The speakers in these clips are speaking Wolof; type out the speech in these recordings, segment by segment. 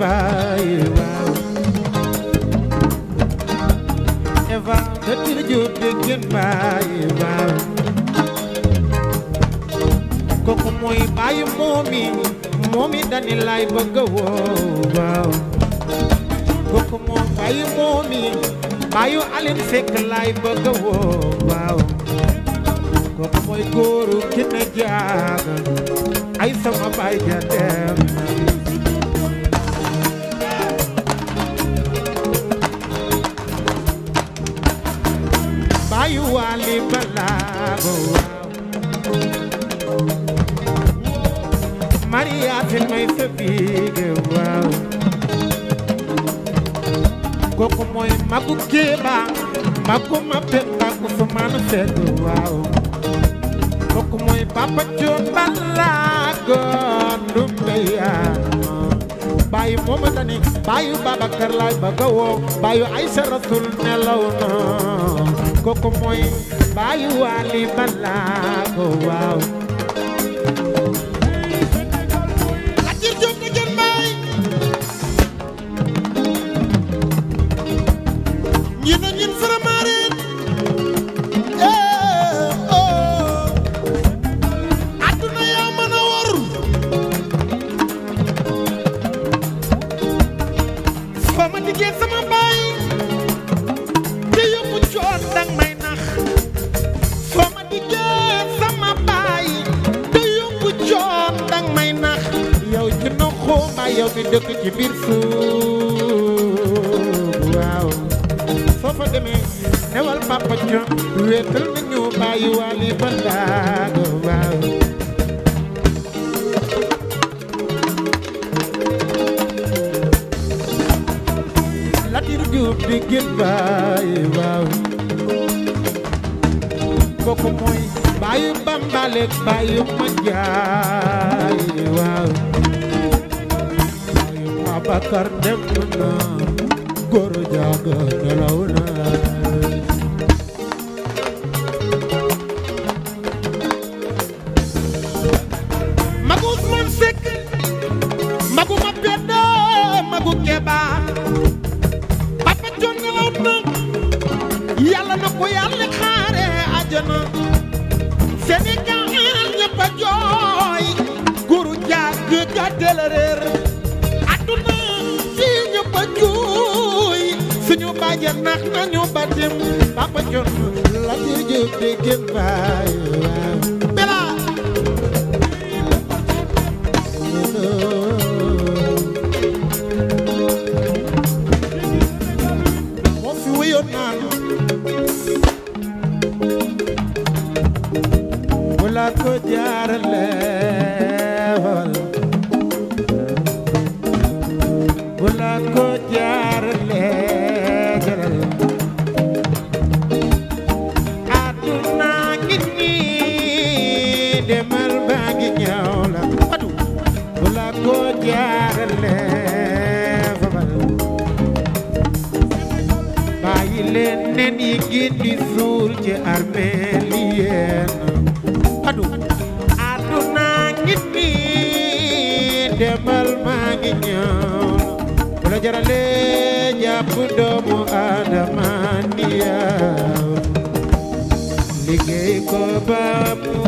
baay waaw eva da tiri jur dëggeen baay waaw kooku mooy baay moomi moomi dani laay bëgg woo waaw kooku mooy baay moomi baayu alin sekk laay bëgg woo waaw kooku mooy góoru ki ne jaaga ay sama baay ja dem ayu wali balago Maria fil may sabige waaw kooku mooy magu kéba magu ku su man fegu waaw kooku mooy papa coon balago ndumbeya baayu Momadani baayu Babacar laay bëgg a woo baayu Aysa Rasul nelaw na kooku mooy baayu Ali Balaago waaw leen sama baay te yóbbu coon dang may nax soo ma diggee sama baay te yóbbu coon dang may nax yow ci noxuma yow mi dëkk ci biir suuf waaw soo fa demee newal papa coon wéetal nañu bàyyi waale ba ndaago waaw will be goodbye waaw kooku mooy baayu bambaleek baayu ma jaay waaw baayu ma bakar dem na goro jaaga nelaw na magu Usman Sekk magu ma Penda magu Keba àjjana Sénégal ñëpp a jooy guru njàgg gàdde la réer àdduna si ñëpp a jooy suñu bàjja nax nañu batim Papa Thione la dir jëf de baay bela Nikin di suul ci aduh aduh adu aduna ngi nii demal maa ngi ñëw bu la jarale jàpp doomu ko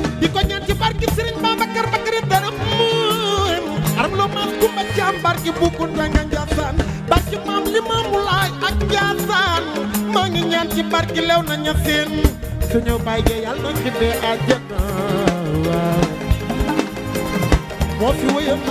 barki Bukunta nga Njaasaan barki maam Limaamu Laay ak Njaasaan maa ngi ñaan ci barki lew na Ñaseen suñu baay jee yàlla dee àjjana waaw moo fi wéyoon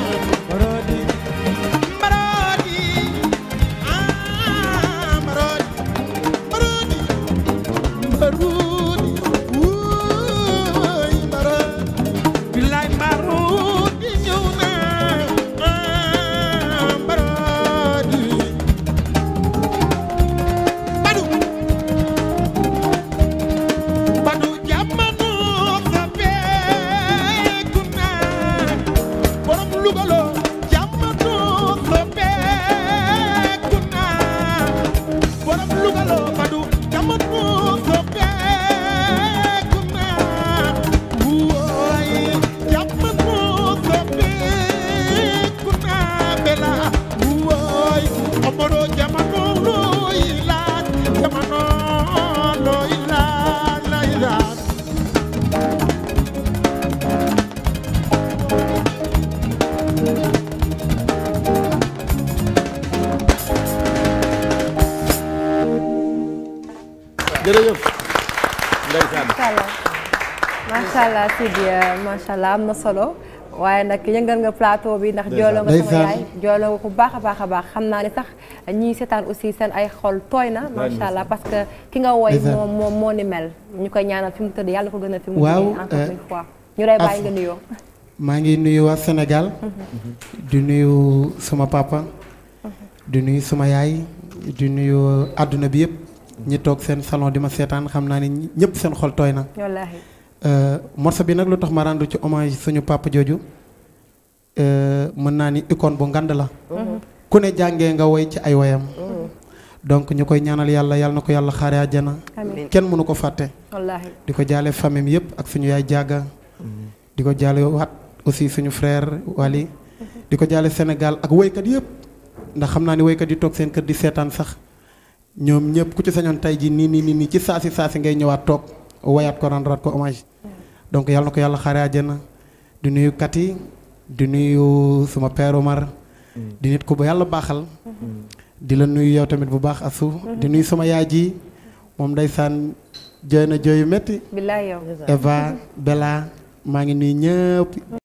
voilà Sidi macha am na solo waaye nag yëngal nga plateau bi ndax jooloo nga sama yaay jooloo nga baax a baax a baax xam naa ne sax ñii seetaan aussi seen ay xol tooy na macha parce que ki nga woy moom moom moo ni mel ñu koy ñaanal fi mu tëdd yàlla ko gën a fi mu tëdd encore euh, une fois ñu maa ngi nuyu waa Sénégal mhm. di nuyu sama papa di nuyu sama yaay di nuyu àdduna bi yëpp ñi toog seen salon di ma seetaan xam naa ni ñëpp seen xol tooy na Eh, morceau bi nak lu tax ma rendu ci hommage suñu papa euh mën na ni icône bu ngand la uh-huh. ku ne jàngee nga way ci ay wayam uh-huh. donc ñukoy ñaanal yalla yalla na yalla yàlla aljana mënu ko faté di ko jalé famim yépp ak suñu yaay jaga uh-huh. di ko wat aussi suñu frère Wali di ko Sénégal ak kat yépp ndax xamna ni ni kat di tok seen kër di sétane sax ñom ñepp ku ci sañon tay ji ni ni ni ci saasi saasi ngay ñëwaat tok wayat ko rat ko hommage donc yàlla na ko yàlla xaare àjjana di nuyu Kati di nuyu suma père Omar di nit ko ba yàlla baaxal di la nuyu yow tamit bu baax asu di nuyu sama yaay ji moom ndeysaan jooy na jooyu métti Eva Bella maa nuyu ñëpp